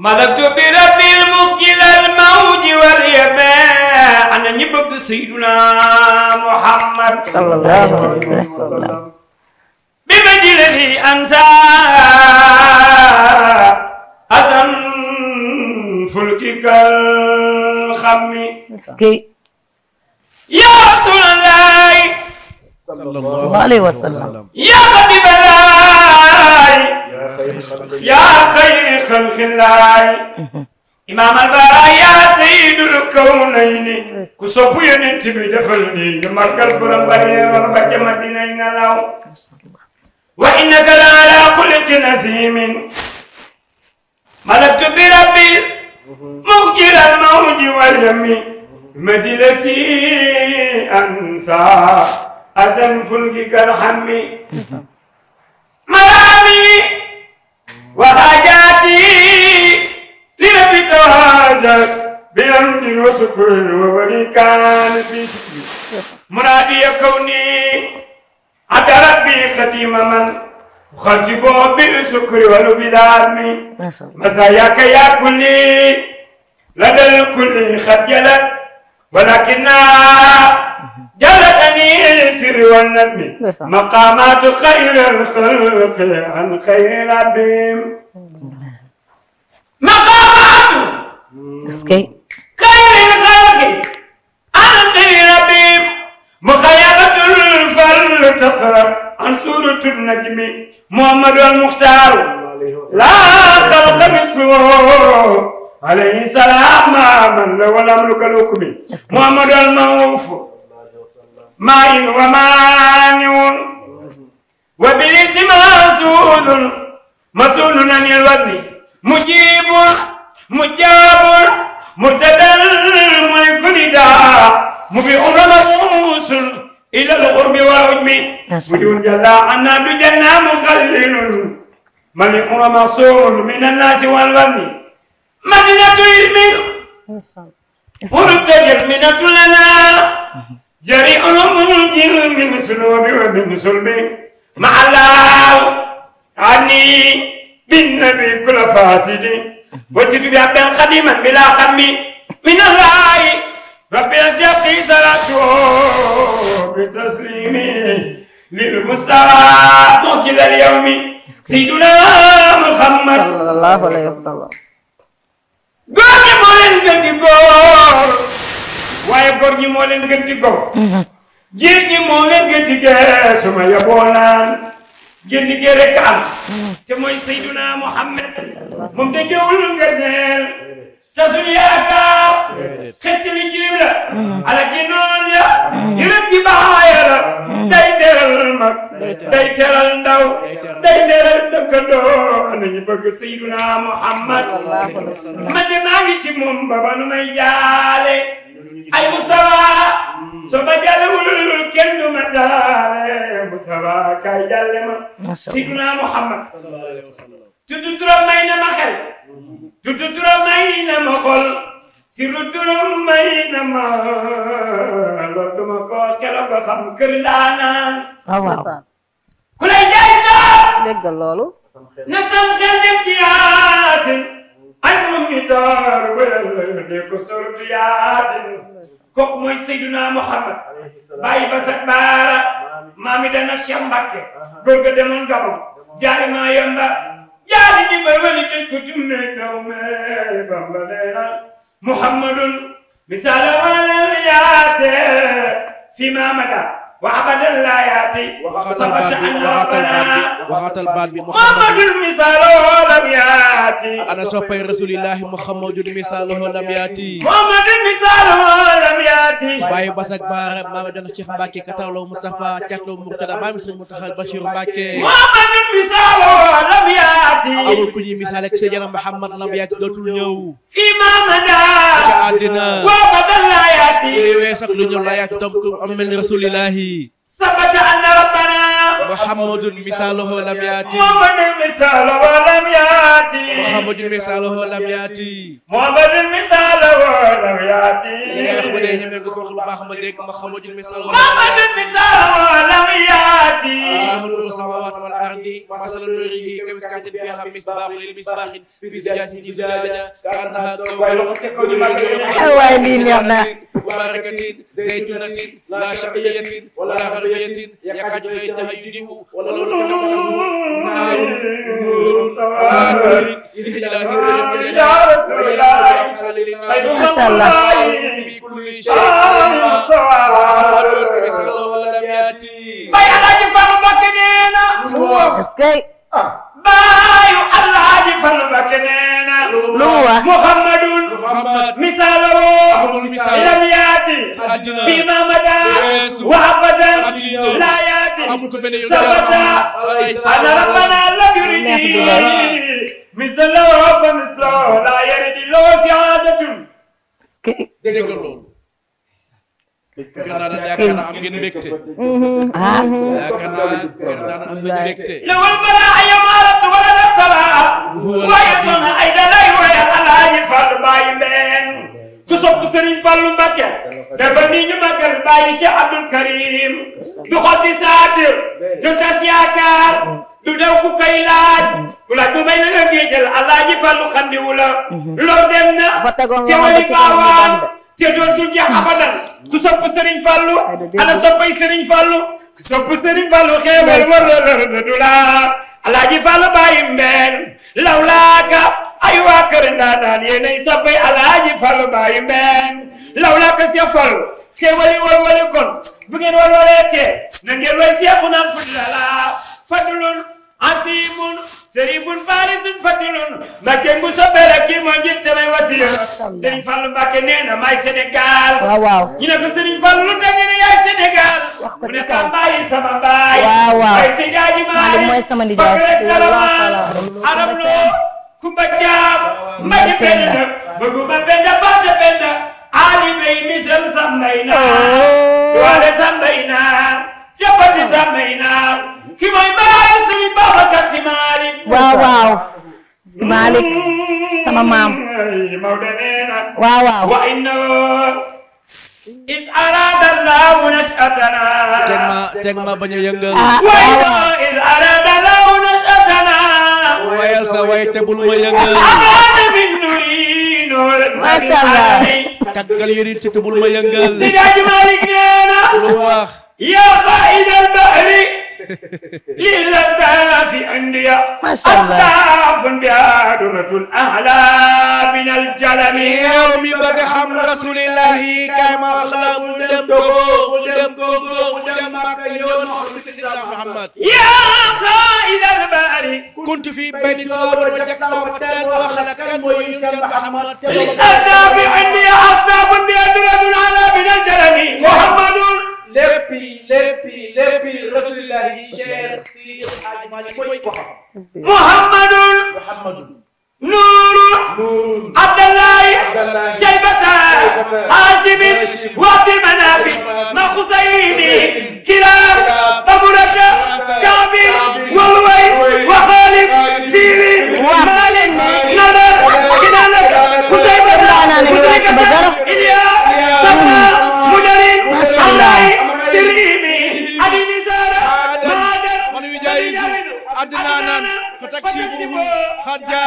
malaktu bi rabbil mukilal mawj wal yamaa ana ñi bëgg sayyiduna muhammad sallallahu alayhi wa sallam bi ma jilali ansa adan fulkikal xammi ya rasulallah sallallahu alayhi wa sallam ya habiballah يا خير خلق الله إمام البراء يا سيد الكونين كسوفو ينتي بدفلني نمكال برمبري ورمبتي مدينة نلاو وإنك لعلى خلق نسيم ملكت بربي مغجر الموج واليم مجلسي أنسى أزن فلقك الحم مرامي وحاجاتي لربي توازن بأمن وسكر وولي كان في سكري منادي كوني عبد ربي خديم من خطبه بالسكر والبدعم مزاياك يا كلي لدى الكل خجلت ولكنها والشجر والنجم مقامات خير الخلق عن خير ربهم مقامات خير الخلق عن خير ربهم مخيبة الفل تقرب عن سورة النجم محمد المختار لا خلق باسمه عليه السلام من لو لم يكن محمد الموفو ماء ومانع وبالاسم مسؤول مسؤول عن الوزن مجيب مجاب مرتدى لكل داء مبيع رموس الى الغرب والعجم وجود جلا عنا بجنا مخلل ملك ومصوم من الناس والوزن مدينة علم مرتجل منة لنا جريء منجر من سلوب ومن سلب مع الله عني بالنبي كل فاسد وجدت بعبدا خديما بلا خدم من الله رب الجقي صلاته بتسليمي للمستعى موكل اليوم سيدنا محمد صلى الله عليه وسلم قول لي مولين قلبي waaye góor ñi moo leen gën di góor. jiit ñi moo leen di gee suma yaboo naan génn gee rek am. te mooy Seyduna Muhammad moom de jëwul ngerneel te suñu yaakaar xëcc li jirim ala ki noon ya. yërëb ji baaya day teral mag. day teral ndaw. day teral dëkkandoo nañu bëgg Seyduna Muhammad man de maa ngi ci baba nu may jaale. ay Mustafa soo ma jàllewul kenn du ma jaale Mustafa kay jàlle ma Sidna Muhammad tuddu turam may na ma xel tuddu turam may na ma xol siru turam may na ma loolu duma ko xela ko xam kër daanaan ah, waaw ku lay jaay toog dégg loolu na sam xel dem ci yaasin xaymam idaar wala ne ko sortu yaasin kooku mooy Seydina Muhammad bàyyi ba sa baara maami dana Cheikh Mbacke góor ga demoon Gabon jaari maa yomba jaari ñi ba wali tëj ko tumme daw me Bamba nee na Muhammadun misala wala yaate fi maamada wa abadan laa yaati sabata an rabbana waxatal baat bi Muhammadul misalo ana soppay rasulillahi muhammadun misaaluhu lam yaati muhammadun misaaluhu lam yaati bàyyi basak baara maama dana Cheikh Mbacke katawloo Moustapha catloo Murtada maam Sëriñ Mountakha Bachir Mbacke muhammadun misaaluhu lam yaati amul ku ñuy misaal ak Seydina Muhammad lam yaati dootul ñëw fii maamada ca àddina waa badal laa yaati li wees ak lu ñëw laa yaati tam ku am mel ni rasulillahi rabbana محمد مثاله لم يأتي محمد مثاله لم يأتي محمد مثاله لم يأتي محمد مثاله لم يأتي محمد مثاله لم يأتي الله نور السماوات الأرض مثل نوره كمسكاة فيها مصباح للمصباح في زجاجة زجاجة كأنها كوكب وبركة زيتونة لا شرقية ولا غربية يكاد زيتها يديه ولونه تقصص نار نور إلى الله ما شاء الله Ah. baayu alaaji Fallu Mbakke nee na lu wax muhammadun misaaloo lam yaati fii ma mada wa abadan laa yaati sabata ana rabbana lam yuridi misaaloo fa misloo laa yaridi loo siyaadatul gannaaw daal yaakaar am ngeen mbégte. Mm-hmm. ah yaakaar naa yaakaar naa am waaye soxna ay dalay wooyal alaaji Fall bàyyi mbeen. ku sopp Serigne Fallou Mbacké. dafa nii ñu màggal bàyyi Karim. du xotti saatir. du tas yaakaar. du daw ku koy laaj. ku laaj bu may alaaji Fallou xandiwu la. Mm-hmm. loolu dem na. fa tegoon nga xamante ne te doon tudd abadan. ku sopp Serigne Fallou ana soppay Serigne Fallou ku sopp Serigne Fallou xeewal war la du la alaaji Fallou bàyyi mbeen lawlaaka ay waa kër ndaanaan yéenay soppay alaaji Fallou bàyyi mbeen lawlaaka Cheikh Fallou xeewali walwale kon bu ngeen walwalee tee na ngeen way Cheikhouna Fadlala fadlun asimun Serigne Faris Fatilun Mbacke Moussa Bella kii moo njëkk samay wasiya Serigne Fallou na maay Sénégal. waaw waaw ñu ne ko Serigne Fallou lu tax ñu ne yaay Sénégal. wax ko ci kaw mu ne Pambaay sama mbaay. waaw waaw ay si jaaji sama nijaay si arab lo Kumba Caam Mbacke Penda bëgguma Penda Bante Penda Ali Bey waaw waaw Malick sama maam waaw waaw is arada allahu nashatana teg ma teg ma bañ a yëngal ah, ah, is ah. arada allahu nashatana wayal sa way te bul ma yëngal masha allah taggal yërit te bul ma yëngal si daaj Malick nee na lu wax yaa xaida albahri للذات أندية أصداف بها درة الأعلى من الجلم يوم بقى حم رسول الله كما أخلاق دم كوكو دم كوكو دم مكيون محمد يا قائد الباري كنت في بين الدور وجدت وقتين وخلق كان ويمكن محمد للذات أندية أصداف بها درة الأعلى من الجلم محمد léppi léppi léppi rasulillahi Cheikh Sidi Hadj Malick mooy ko xam. Muhammadul. Muhammadul. Nuuru. Nuuru. Abdallahi. Abdallahi. Shaybatan. Haashimin. wa Abdul Manafi. Maxusayni. Kiraam. Aburata. Kaabil. fanaksibu xanja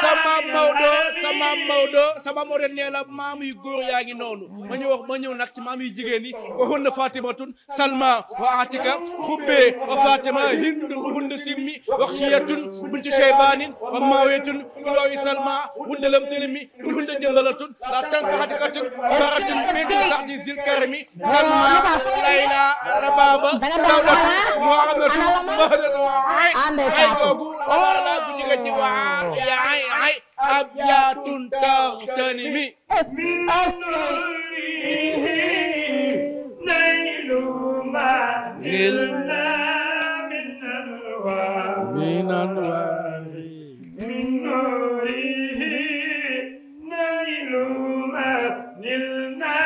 sama Maodo maam Maodo nee la yu góor yaa ngi noonu ma ñëw ma ñëw nag ci maam yu jigéen ñi waxun na fatimatun salma wa atika xubbee wa fatima hindun waxun na simmi wa xiyatun bintu sheybanin wa maawetun kulooyu salma wundalam tëlimi waxun na jëndalatun la tan saxatikatun baratun bintu saxdi zil salma layla rababa sawdatun muhamadun mahdan wa ay ay googu la ci waa ya ay ay أبيات تغتنمي أسري نيل ما نلنا من أنوار من أنوار من نوره نيل ما نلنا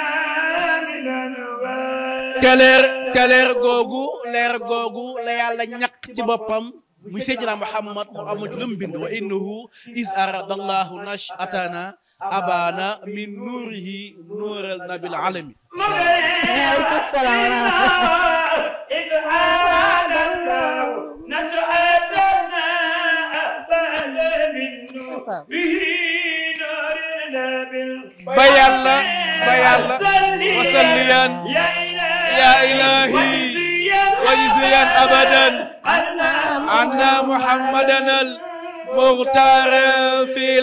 من أنوار كالير كالير غوغو لير غوغو ليالا نياك تي بوبام muy Seydina Muhammad mu amul lu mu bind wa innahu is arada allahu nash atana abana min nuurihi nuural nabil alami ba yàlla ba yàlla wasalliyan ya ilahi wa yusiyan abadan أن محمدا مختار في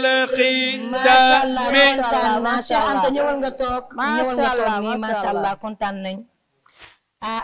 الختام ما شاء الله ما شاء الله ما شاء الله ما شاء الله kontaan nañ